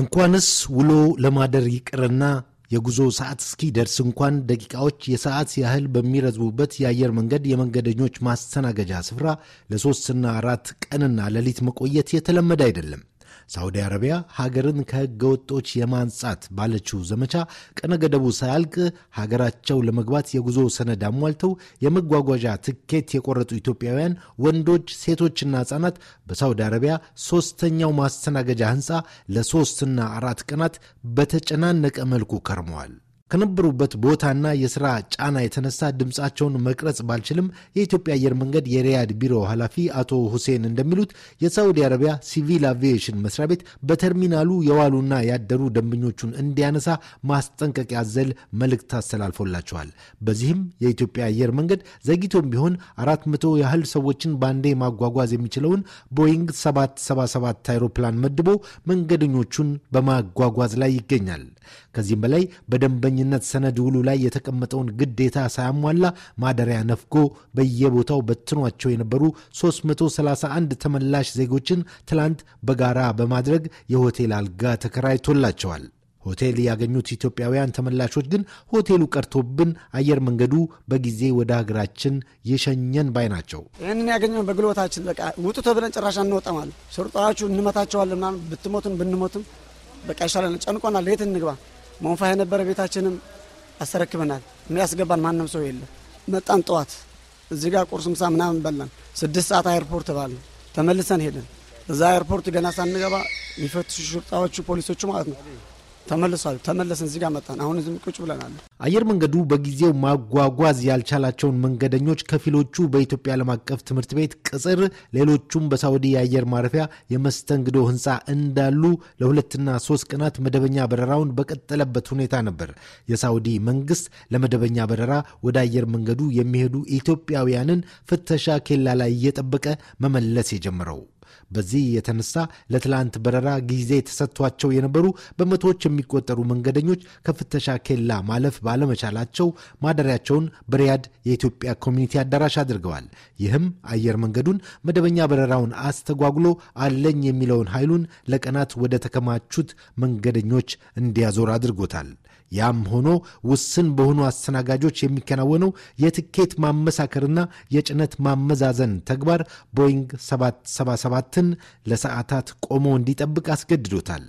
እንኳንስ ውሎ ለማደር ይቅርና የጉዞ ሰዓት እስኪደርስ እንኳን ደቂቃዎች የሰዓት ያህል በሚረዝቡበት የአየር መንገድ የመንገደኞች ማስተናገጃ ስፍራ ለሶስትና አራት ቀንና ሌሊት መቆየት የተለመደ አይደለም። ሳዑዲ አረቢያ ሀገርን ከህገ ወጦች የማንጻት ባለችው ዘመቻ ቀነገደቡ ሳያልቅ ሀገራቸው ለመግባት የጉዞ ሰነድ አሟልተው የመጓጓዣ ትኬት የቆረጡ ኢትዮጵያውያን ወንዶች፣ ሴቶችና ህጻናት በሳዑዲ አረቢያ ሶስተኛው ማስተናገጃ ህንፃ ለሶስትና አራት ቀናት በተጨናነቀ መልኩ ከርመዋል። ከነበሩበት ቦታና የስራ ጫና የተነሳ ድምፃቸውን መቅረጽ ባልችልም የኢትዮጵያ አየር መንገድ የሪያድ ቢሮ ኃላፊ አቶ ሁሴን እንደሚሉት የሳዑዲ አረቢያ ሲቪል አቪዬሽን መስሪያ ቤት በተርሚናሉ የዋሉና ያደሩ ደንበኞቹን እንዲያነሳ ማስጠንቀቂያ አዘል መልእክት አስተላልፎላቸዋል። በዚህም የኢትዮጵያ አየር መንገድ ዘግይቶም ቢሆን አራት መቶ ያህል ሰዎችን በአንዴ ማጓጓዝ የሚችለውን ቦይንግ 777 አይሮፕላን መድቦ መንገደኞቹን በማጓጓዝ ላይ ይገኛል። ከዚህም በላይ በደንበኝነት ሰነድ ውሉ ላይ የተቀመጠውን ግዴታ ሳያሟላ ማደሪያ ነፍጎ በየቦታው በትኗቸው የነበሩ 331 ተመላሽ ዜጎችን ትላንት በጋራ በማድረግ የሆቴል አልጋ ተከራይቶላቸዋል። ሆቴል ያገኙት ኢትዮጵያውያን ተመላሾች ግን ሆቴሉ ቀርቶብን አየር መንገዱ በጊዜ ወደ ሀገራችን የሸኘን ባይ ናቸው። ይህንን ያገኘን በግሎታችን በቃ ውጡ ተብለን ጭራሽ አንወጣም አሉ። ሾርጣዎቹ እንመታቸዋለን ብትሞትም ብንሞትም በቃ ይሻለን፣ ጨንቆናል፣ የት እንግባ። መንፋ የነበረ ቤታችንም አሰረክበናል። የሚያስገባን ማንም ሰው የለ። መጣን ጠዋት እዚህ ጋር ቁርስ፣ ምሳ ምናምን በላን። ስድስት ሰዓት አይርፖርት ባለ ተመልሰን ሄደን እዛ አይርፖርት ገና ሳንገባ የሚፈትሹ ሽርጣዎቹ ፖሊሶቹ ማለት ነው ተመልሷል። ተመለስን፣ እዚህ ጋር መጣን። አሁን ዝም ቁጭ ብለናል። አየር መንገዱ በጊዜው ማጓጓዝ ያልቻላቸውን መንገደኞች ከፊሎቹ በኢትዮጵያ ዓለም አቀፍ ትምህርት ቤት ቅጽር፣ ሌሎቹም በሳውዲ የአየር ማረፊያ የመስተንግዶ ህንፃ እንዳሉ ለሁለትና ሶስት ቀናት መደበኛ በረራውን በቀጠለበት ሁኔታ ነበር። የሳውዲ መንግስት ለመደበኛ በረራ ወደ አየር መንገዱ የሚሄዱ ኢትዮጵያውያንን ፍተሻ ኬላ ላይ እየጠበቀ መመለስ የጀመረው በዚህ የተነሳ ለትላንት በረራ ጊዜ ተሰጥቷቸው የነበሩ በመቶዎች የሚቆጠሩ መንገደኞች ከፍተሻ ኬላ ማለፍ ባለመቻላቸው ማደሪያቸውን በሪያድ የኢትዮጵያ ኮሚኒቲ አዳራሽ አድርገዋል። ይህም አየር መንገዱን መደበኛ በረራውን አስተጓጉሎ አለኝ የሚለውን ኃይሉን ለቀናት ወደ ተከማቹት መንገደኞች እንዲያዞር አድርጎታል። ያም ሆኖ ውስን በሆኑ አስተናጋጆች የሚከናወነው የትኬት ማመሳከርና የጭነት ማመዛዘን ተግባር ቦይንግ 777 ሰባትን ለሰዓታት ቆሞ እንዲጠብቅ አስገድዶታል።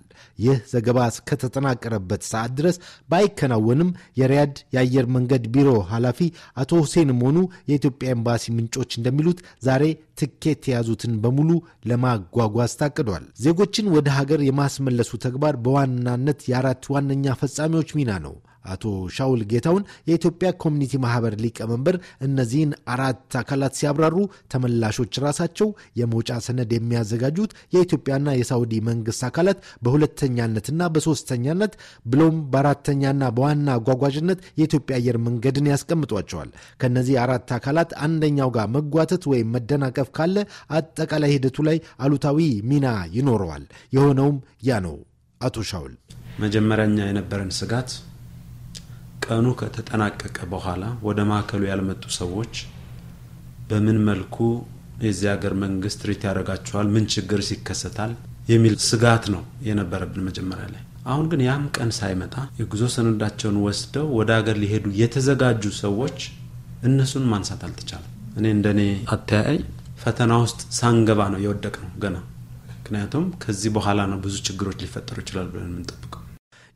ይህ ዘገባ እስከተጠናቀረበት ሰዓት ድረስ ባይከናወንም የሪያድ የአየር መንገድ ቢሮ ኃላፊ አቶ ሁሴን መሆኑ የኢትዮጵያ ኤምባሲ ምንጮች እንደሚሉት ዛሬ ትኬት የያዙትን በሙሉ ለማጓጓዝ ታቅዷል። ዜጎችን ወደ ሀገር የማስመለሱ ተግባር በዋናነት የአራት ዋነኛ ፈጻሚዎች ሚና ነው። አቶ ሻውል ጌታውን የኢትዮጵያ ኮሚኒቲ ማህበር ሊቀመንበር እነዚህን አራት አካላት ሲያብራሩ ተመላሾች ራሳቸው የመውጫ ሰነድ የሚያዘጋጁት የኢትዮጵያና የሳውዲ መንግስት አካላት በሁለተኛነትና በሶስተኛነት ብሎም በአራተኛና በዋና አጓጓዥነት የኢትዮጵያ አየር መንገድን ያስቀምጧቸዋል። ከነዚህ አራት አካላት አንደኛው ጋር መጓተት ወይም መደናቀፍ ካለ አጠቃላይ ሂደቱ ላይ አሉታዊ ሚና ይኖረዋል። የሆነውም ያ ነው። አቶ ሻውል መጀመሪያኛ የነበረን ስጋት ቀኑ ከተጠናቀቀ በኋላ ወደ ማዕከሉ ያልመጡ ሰዎች በምን መልኩ የዚህ ሀገር መንግስት ሪት ያደርጋቸዋል፣ ምን ችግር ይከሰታል የሚል ስጋት ነው የነበረብን መጀመሪያ ላይ። አሁን ግን ያም ቀን ሳይመጣ የጉዞ ሰነዳቸውን ወስደው ወደ ሀገር ሊሄዱ የተዘጋጁ ሰዎች እነሱን ማንሳት አልተቻለም። እኔ እንደኔ አተያይ ፈተና ውስጥ ሳንገባ ነው የወደቅ ነው ገና። ምክንያቱም ከዚህ በኋላ ነው ብዙ ችግሮች ሊፈጠሩ ይችላል ብለን የምንጠብቀው።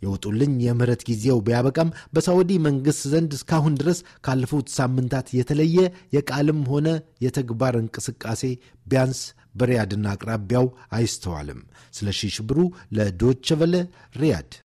የወጡልኝ የምህረት ጊዜው ቢያበቃም በሳዑዲ መንግስት ዘንድ እስካሁን ድረስ ካለፉት ሳምንታት የተለየ የቃልም ሆነ የተግባር እንቅስቃሴ ቢያንስ በሪያድና አቅራቢያው አይስተዋልም። ስለ ሽብሩ ለዶቸ ሪያድ